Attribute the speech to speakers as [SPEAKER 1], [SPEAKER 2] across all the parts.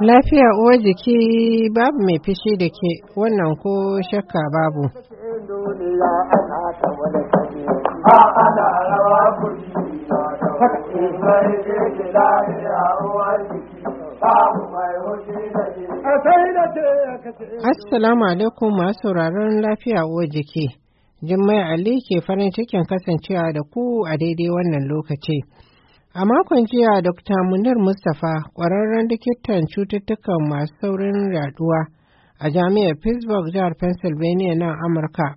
[SPEAKER 1] Lafiya
[SPEAKER 2] uwar jiki babu mai fishi da ke wannan ko shakka babu. Assalamu alaikum masu sauraron lafiya uwar jiki. Jummai Ali ke farin cikin kasancewa da ku a daidai wannan lokaci. A makon jiya Dr. Munir Mustapha ƙwararren likitan cututtukan masu saurin yaduwa a jami'ar Pittsburgh jihar Pennsylvania na Amurka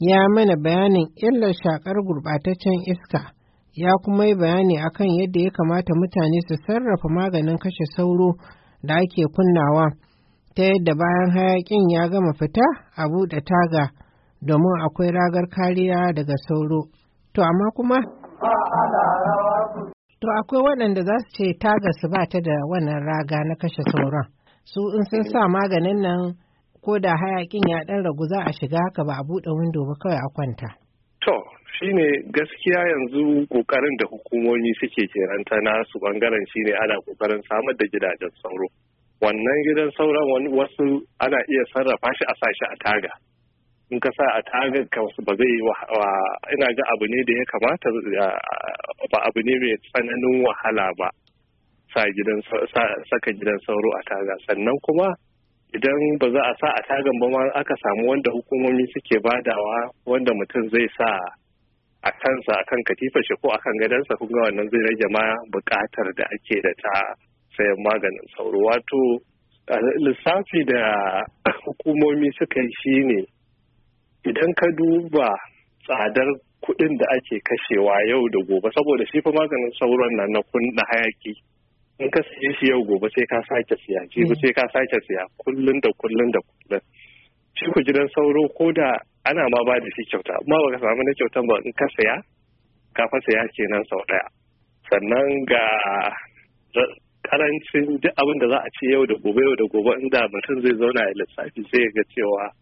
[SPEAKER 2] ya mana bayanin illar shakar gurɓataccen iska ya kuma yi bayani akan yadda ya kamata mutane su sarrafa maganin kashe sauro da ake kunnawa ta yadda bayan hayakin ya gama fita a buɗe taga. domin akwai ragar kariya daga sauro. To amma kuma? To akwai waɗanda za su ce taga su ba ta da wannan raga na kashe sauron. Su in sun sa maganin nan ko da hayakin ya ɗan ragu za a shiga haka ba a buɗe windo ba kawai a kwanta.
[SPEAKER 1] To shi ne gaskiya yanzu ƙoƙarin da hukumomi suke keranta na su shi ne ana ƙoƙarin samar da gidajen sauro. Wannan gidan sauran wasu ana iya sarrafa shi a sa shi a taga. in ka sa a tagar ka ba zai wa ina ga abu ne da ya kamata ba abu ne mai tsananin wahala ba sa gidan saka gidan sauro a taga sannan kuma idan ba za a sa a tagan ba ma aka samu wanda hukumomi suke badawa wanda mutum zai sa a kansa a kan katifar shi ko a kan gadansa kun ga wannan zai rage ma buƙatar da ake da ta sayan maganin sauro wato lissafi da hukumomi suka yi ne. idan ka duba tsadar kuɗin da ake kashewa yau da gobe saboda shi fa maganin sauron nan na kunna hayaki in ka siye shi yau gobe sai ka sake siya jibi mm. sai ka sake siya kullun da kullun da kullun shi ku gidan sauro ko da ana ma ba da shi kyauta amma ba ka samu na kyautan ba in ka siya ka fa siya kenan sau ɗaya sannan ga karancin duk abin da za a ce yau da gobe yau da gobe inda mutum zai zauna ya lissafi sai ga cewa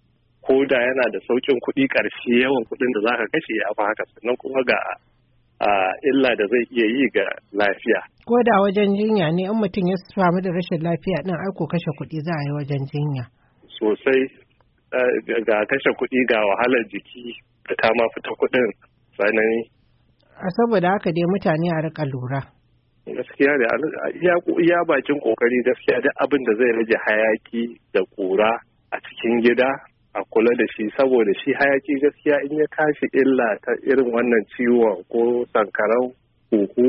[SPEAKER 1] ko da yana da saukin kuɗi ƙarshe yawan kuɗin da za ka kashe ya fi haka sannan kuma ga illa da zai iya yi ga lafiya.
[SPEAKER 2] Ko da wajen jinya ne in mutum ya samu da rashin lafiya ɗin aiko kashe kuɗi za a yi wajen jinya.
[SPEAKER 1] Sosai ga kashe kuɗi ga wahalar jiki da ta ma fita kuɗin tsanani.
[SPEAKER 2] A saboda haka dai mutane a rika lura.
[SPEAKER 1] gaskiya da ya bakin kokari gaskiya duk abin da zai rage hayaki da kura a cikin gida a kula da shi saboda shi hayaki gaskiya in ya tashi illa ta irin wannan ciwon ko sankarau huhu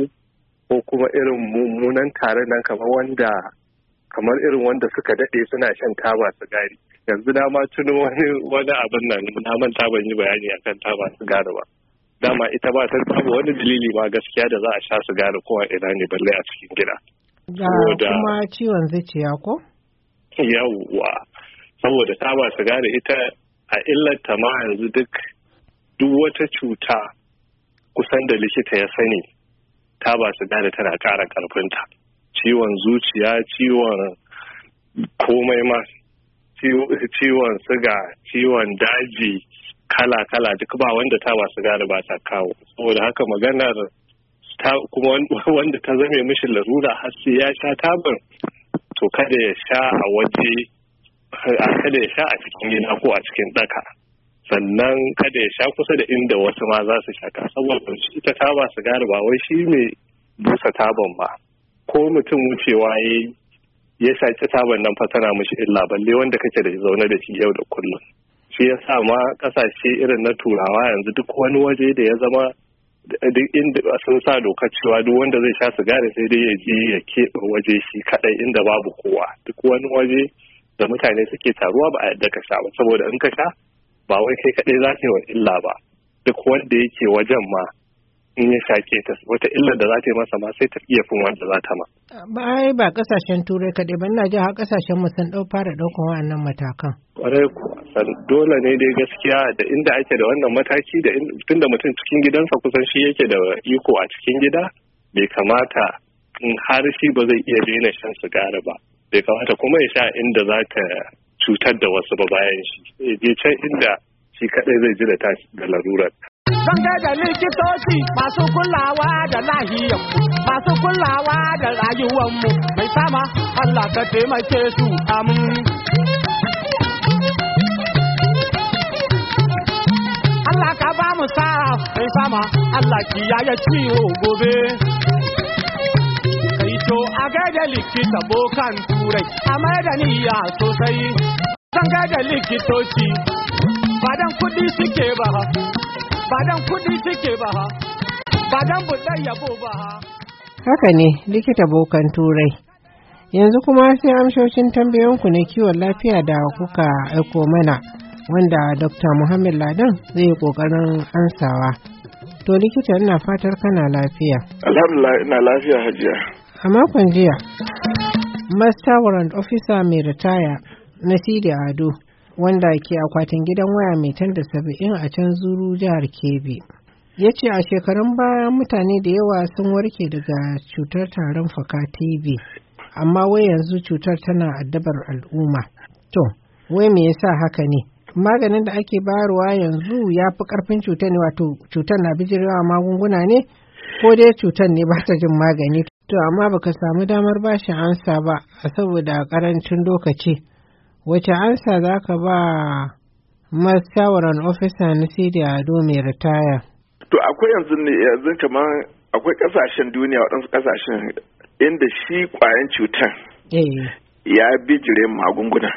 [SPEAKER 1] ko kuma irin mummunan tare nan kamar wanda kamar irin wanda suka daɗe suna shan taba sigari yanzu na ma tuno wani abin nan na manta ban yi bayani akan taba sigari ba dama ita ba ta babu wani dalili ba gaskiya da za a sha sigari ko ina ne balle a cikin gida
[SPEAKER 2] da kuma ciwon zuciya ko
[SPEAKER 1] yawwa saboda taba sigari ita a illata ma yanzu duk duk wata cuta kusan da likita ya sani ta taba sigari tana ƙara ƙarfinta ciwon zuciya ciwon komai ma ciwon siga ciwon daji kala-kala duk ba wanda ta masu gane ba ta kawo saboda haka maganar ta kuma wanda ta zame mishi larura har sai ya sha tabar to kada ya sha a waje kada ya sha a cikin gida ko a cikin daka sannan kada ya sha kusa da inda wasu ma za su shaka saboda shi ita taba sigari ba wai shi mai busa taban ba ko mutum wucewa ya ya shaci taban nan fatana mishi illa balle wanda kake da zaune da shi yau da kullum shi ya sa ma kasashe irin na turawa yanzu duk wani waje da ya zama duk inda sun sa dokar cewa duk wanda zai sha sigari sai dai ya je ya keɓe waje shi kaɗai inda babu kowa duk wani waje da mutane suke taruwa ba a yadda ka sha ba saboda in ka sha ba wai kai kaɗai za ka yi wa illa ba duk wanda yake wajen ma in ya shaƙe ta wata illa da za ta yi masa ma sai ta iya fin wanda za ta ma.
[SPEAKER 2] ba ai ba kasashen turai kaɗai ba ina ji har kasashen mu sun fara ɗaukan wa'annan matakan.
[SPEAKER 1] kwarai kuwa dole ne dai gaskiya da inda ake da wannan mataki da tunda mutum cikin gidansa kusan shi yake da iko a cikin gida bai kamata in har shi ba zai iya daina shan sigari ba bai kamata kuma ya sha inda za ka cutar da wasu ba bayan shi je can inda shi kadai zai ji da tashi da larurar
[SPEAKER 2] zan ga da likitoci masu kulawa da lahiyar masu
[SPEAKER 1] kulawa da rayuwarmu mai sama Allah ka taimake su amin Allah ka ba mu sa mai sama Allah kiyaye ciwo gobe to a gaida likita bokan turai a mai da niyya sosai san gaida likitoci badan kudi suke ba ha badan kudi suke ba ha badan budai yabo ba ha
[SPEAKER 2] haka ne likita bokan turai yanzu kuma sai amshoshin tambayoyinku na kiwon lafiya da kuka aiko mana wanda dr muhammad ladan zai yi kokarin ansawa to likita ina fatar kana lafiya
[SPEAKER 3] alhamdulillah ina lafiya
[SPEAKER 2] hajiya A makon jiya, Master Warrant Officer mai ritaya na Sidi Ado, wanda ke akwatin gidan waya mai tanda saba'in a can zuru jihar Kebbi. Ya ce a shekarun baya mutane da yawa sun warke daga cutar tarin fuka TV, amma wai yanzu cutar tana addabar al'umma. To, wai me yasa haka ne? Maganin da ake bayarwa yanzu ya fi ƙarfin cutar ne wato cutar na bijirewa magunguna ne ko dai cutar ne ba ta jin magani To amma baka samu damar bashi ansa ba a saboda karancin lokaci. Wace ansa za ka ba masawaran ofisa na Sidi Ado mai ritaya?
[SPEAKER 3] To akwai yanzu ne yanzu kamar akwai kasashen duniya waɗansu kasashen inda shi ƙwayan cutar eh. ya bijire magunguna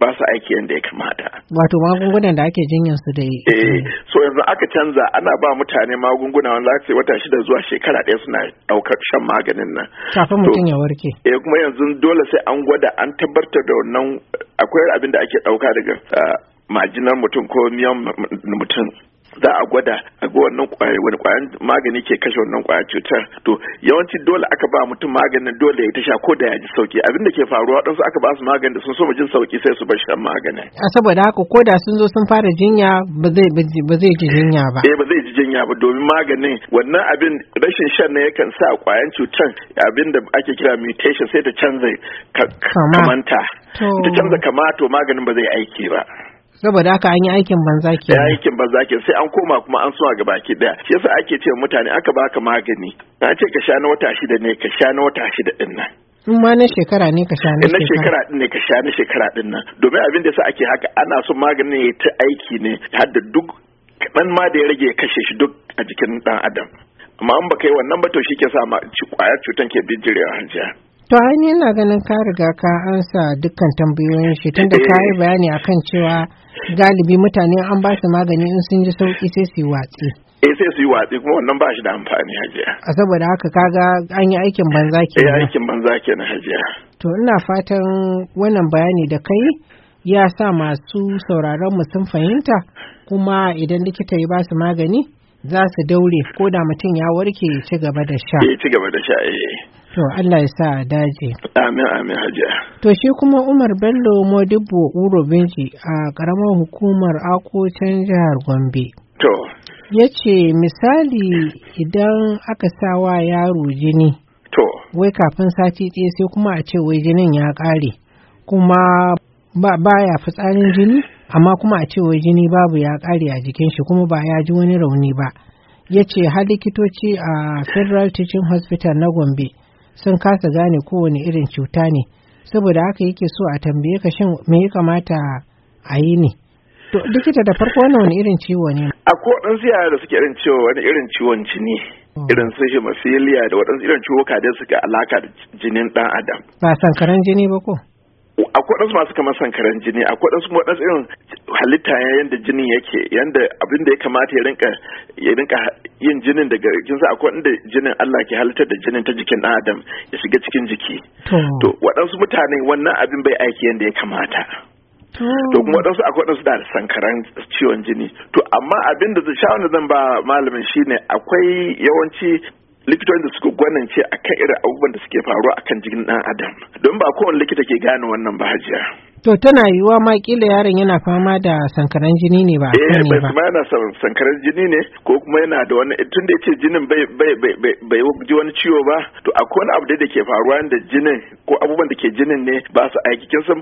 [SPEAKER 3] ba su aiki yadda ya kamata.
[SPEAKER 2] wato magungunan da ake jinyar su da yi
[SPEAKER 3] eh so yanzu aka canza ana ba mutane magunguna wanda za su wata shida zuwa shekara ɗaya suna ɗaukar shan maganin nan
[SPEAKER 2] kafin mutum ya warke
[SPEAKER 3] eh kuma yanzu dole sai an gwada an tabbatar da wannan akwai abin da ake ɗauka daga ah, majinar mutum ko miyan mutum za a gwada a ga wannan wani kwayan magani ke kashe wannan kwayar cutar to yawanci dole aka ba mutum maganin dole ya ta sha ko da ya ji sauki abinda ke faruwa dan su aka ba su magani da sun so jin sauki sai su bar shan maganin
[SPEAKER 2] a saboda haka ko da sun zo sun fara jinya ba zai ba zai ji jinya ba eh ba
[SPEAKER 3] zai ji jinya ba domin maganin wannan abin rashin shan ne yakan sa kwayan cutar abinda ake kira mutation sai ta canza kamanta ta canza kamato maganin ba zai aiki ba
[SPEAKER 2] saboda haka an yi aikin banza ke da
[SPEAKER 3] aikin banza ke sai an koma kuma an suwa ga baki daya shi yasa ake ce mutane aka baka magani na ce ka sha na wata shida ne ka sha na wata shida din nan
[SPEAKER 2] in ma na shekara ne ka sha na shekara na shekara
[SPEAKER 3] din ne ka sha na shekara din nan domin abin da yasa ake haka ana son maganin ya ta aiki ne har da duk kaɗan ma da ya rage ya kashe shi duk a jikin dan adam amma an baka yi wannan ba to shi ke sa ma kwayar cutan ke bijirewa hanjiya
[SPEAKER 2] To ainihin na ganin ka riga ka ansa dukkan tambayoyin shi tunda ka yi eh. bayani akan cewa galibi mutane an ba su magani in sun ji sauki sai su yi watsi
[SPEAKER 3] eh sai su yi watsi kuma wannan ba shi da amfani hajiya
[SPEAKER 2] a saboda haka kaga an yi aikin banza eh, kenan eh
[SPEAKER 3] aikin banza kenan hajiya
[SPEAKER 2] to ina fatan wannan bayani da kai ya sa masu sauraron mu sun fahimta kuma idan likita ya ba su magani za su daure ko da mutum ya warke ya ci gaba da sha ya
[SPEAKER 3] ci gaba da sha eh
[SPEAKER 2] To Allah ya sa a daji.
[SPEAKER 3] Amin amin hajiya.
[SPEAKER 2] To shi kuma Umar Bello Modibo Uro Benji a ƙaramar hukumar can jihar Gombe. To. Ya ce misali idan aka sa wa yaro jini. To. Wai kafin sati ɗaya sai kuma a ce wai jinin ya ƙare. Kuma ba baya fitsarin jini amma kuma a ce wai jini babu ya ƙare a jikin shi kuma ba ya ji wani rauni ba. Ya ce har likitoci a Federal Teaching Hospital na Gombe. sun kasa gane kowane irin cuta ne saboda haka yake so a tambaye ka shin me ya kamata a yi ne to likita da farko wannan wani irin ciwo ne a
[SPEAKER 3] ko dan siya da suke irin ciwo wani irin ciwon jini hmm. irin su hemophilia da waɗansu irin ciwuka da suka alaka da jinin dan adam
[SPEAKER 2] ba sankaran jini ba ko
[SPEAKER 3] akwai ɗansu masu kamar sankaran jini akwai ɗansu waɗansu irin halitta yadda jinin yake yanda abin da ya kamata ya rinka yin jinin daga kin sa akwai inda jinin Allah ke halittar da jinin ta jikin ɗan adam ya shiga cikin jiki to waɗansu mutane wannan abin bai aiki yadda ya kamata
[SPEAKER 2] to kuma
[SPEAKER 3] waɗansu akwai waɗansu da sankaran ciwon jini to amma abin da shawarar zan ba malamin shine akwai yawanci likitoyin da suka gwanance akan irin abubuwan da suke faruwa akan jikin ɗan adam don ba kowane likita ke gane wannan ba hajiya
[SPEAKER 2] To tana yiwuwa ma kila yaron yana fama da sankaran jini ne ba eh bai kuma
[SPEAKER 3] yana sankaran jini ne ko kuma yana da wani tun da yace jinin bai bai bai bai ji wani ciwo ba to akwai wani abu da ke faruwa da jinin ko abubuwan da ke jinin ne ba su aiki kin san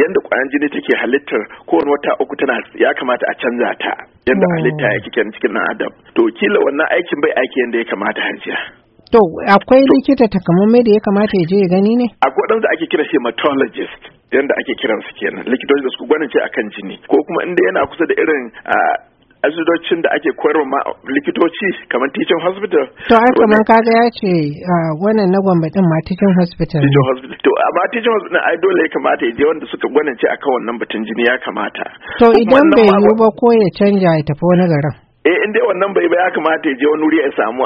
[SPEAKER 3] yanda kwayan jini take halittar wani wata uku tana ya kamata a canza ta
[SPEAKER 2] yanda mm. halitta
[SPEAKER 3] yake kike cikin nan adam to kila wannan aikin bai aiki yanda ya kamata jiya.
[SPEAKER 2] To akwai likita takamaimai da ya kamata ya je ya gani ne?
[SPEAKER 3] Akwai waɗanda ake kira hematologist yadda ake su kenan likitoci da suka gwanince akan jini ko kuma inda yana kusa da irin asibitocin da ake koyarwa ma likitoci kamar teaching hospital.
[SPEAKER 2] To ai kamar kaga ya ce wannan na gwamba din ma teaching hospital. Teaching
[SPEAKER 3] hospital. To amma teaching hospital ai dole ya kamata ya je wanda suka gwanance akan wannan batun jini ya kamata. To idan bai yiwu
[SPEAKER 2] ba ko ya canja ya tafi wani garin.
[SPEAKER 3] eh in dai wannan bai ba ya kamata ya je wani wuri ya samu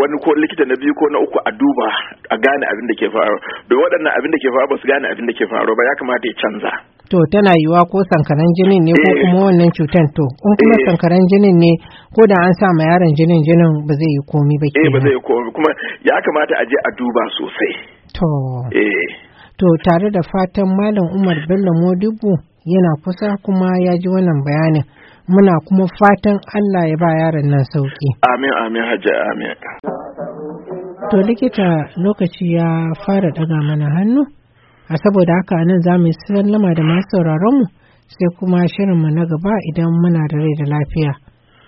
[SPEAKER 3] wani ko likita na biyu ko na uku a duba a gane abin da ke faru da waɗannan abin da ke faru ba su gane abin da ke faru ba ya kamata ya canza
[SPEAKER 2] to tana yiwa ko sankaran jinin ne ko eh. kuma wannan cutan to in kuma eh. sankaran jinin ne ko da an sa ma yaron jinin jinin ba zai yi komi ba eh ba zai yi
[SPEAKER 3] komi kuma ya kamata a je a duba sosai
[SPEAKER 2] to eh to tare da fatan malam Umar Bello Modibo yana kusa kuma ya ji wannan bayanin muna kuma fatan Allah ya ba yaron nan sauki.
[SPEAKER 3] Amin amin hajji amin.
[SPEAKER 2] To likita lokaci ya fara daga mana hannu, a saboda haka nan za mu sallama da masu mu sai kuma shirin mu na gaba idan muna da rai da lafiya.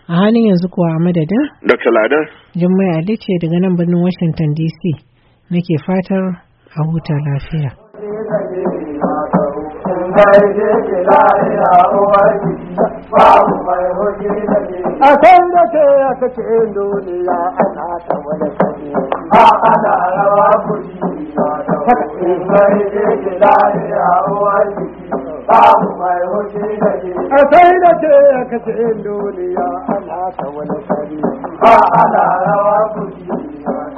[SPEAKER 2] A halin yanzu kuwa a madadin? Dr. Ladan. Jummai Ali ce daga nan birnin Washington DC. Nake fatar a huta lafiya. kai je ki mai da ke a ya kace duniya ana ta wani a ana rawa kuri kai ke ki lahira uwar ki babu mai hoji da ke
[SPEAKER 1] a da ke ya kace duniya ana ta wani
[SPEAKER 2] a ana rawa kuri